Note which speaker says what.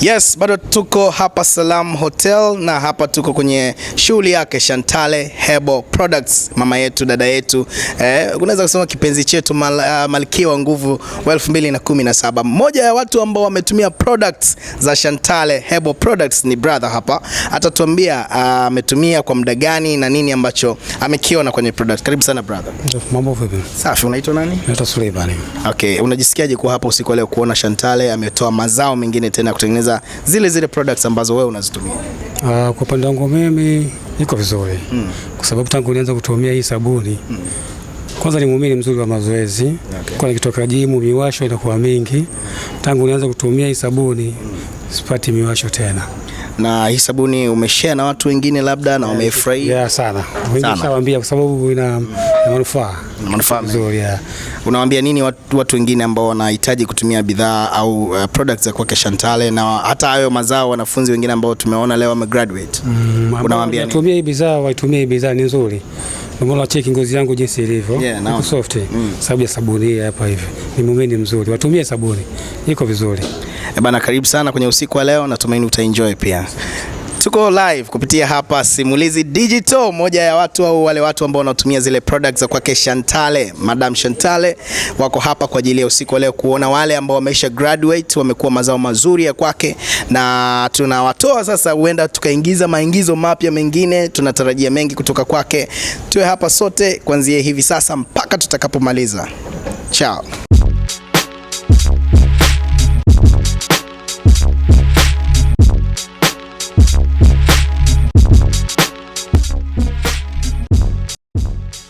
Speaker 1: Yes, bado tuko hapa Salam Hotel na hapa tuko kwenye shughuli yake Shantale Hebo Products, mama yetu, dada yetu, eh, unaweza kusema kipenzi chetu mal, uh, malkia wa nguvu wa 2017. Mmoja ya watu ambao wametumia products za Shantale Hebo Products ni brother hapa, atatuambia uh, ametumia uh, kwa muda gani na nini ambacho amekiona kwenye product. Karibu sana brother. Mambo vipi? Safi, unaitwa nani?
Speaker 2: Naitwa Suleiman.
Speaker 1: Okay, unajisikiaje kuwa hapa usiku leo kuona Shantale ametoa mazao mengine tena kutengeneza kutengeneza zile zile products ambazo wewe unazitumia?
Speaker 2: Uh, kwa upande wangu mimi iko vizuri mm. kwa sababu tangu nianza kutumia hii sabuni mm. Kwanza ni muumini mzuri wa mazoezi okay. Kwa nikitoka jimu miwasho inakuwa mingi, tangu nianza kutumia hii sabuni hmm. sipati miwasho tena
Speaker 1: na hii sabuni umeshare na watu wengine labda na wamefurahi?
Speaker 2: Yeah, sana. Nishawaambia kwa sababu ina manufaa.
Speaker 1: Ina manufaa nzuri. Yeah. Unawaambia nini watu, watu wengine ambao wanahitaji kutumia bidhaa au uh, products za kwake Shantale na hata hayo mazao wanafunzi wengine ambao tumeona leo wame graduate.
Speaker 2: Mm, unawaambia nini? Watumie hii bidhaa, waitumie hii bidhaa ni nzuri. Mbona cheki ngozi yangu jinsi ilivyo, yeah, soft. Mm. Sababu ya sabuni hapa hivi. Ni muumeni mzuri. Watumie sabuni. Iko vizuri.
Speaker 1: E bana, karibu sana kwenye usiku wa leo, natumaini utaenjoy pia. Tuko live kupitia hapa Simulizi Digital, moja ya watu au wale watu ambao wanatumia zile products za kwake Shantale, Madam Shantale wako hapa kwa ajili ya usiku wa leo kuona wale ambao wameisha graduate wamekuwa mazao mazuri ya kwake, na tunawatoa sasa, huenda tukaingiza maingizo mapya mengine. Tunatarajia mengi kutoka kwake. Tuwe hapa sote kuanzia hivi sasa mpaka tutakapomaliza. Chao.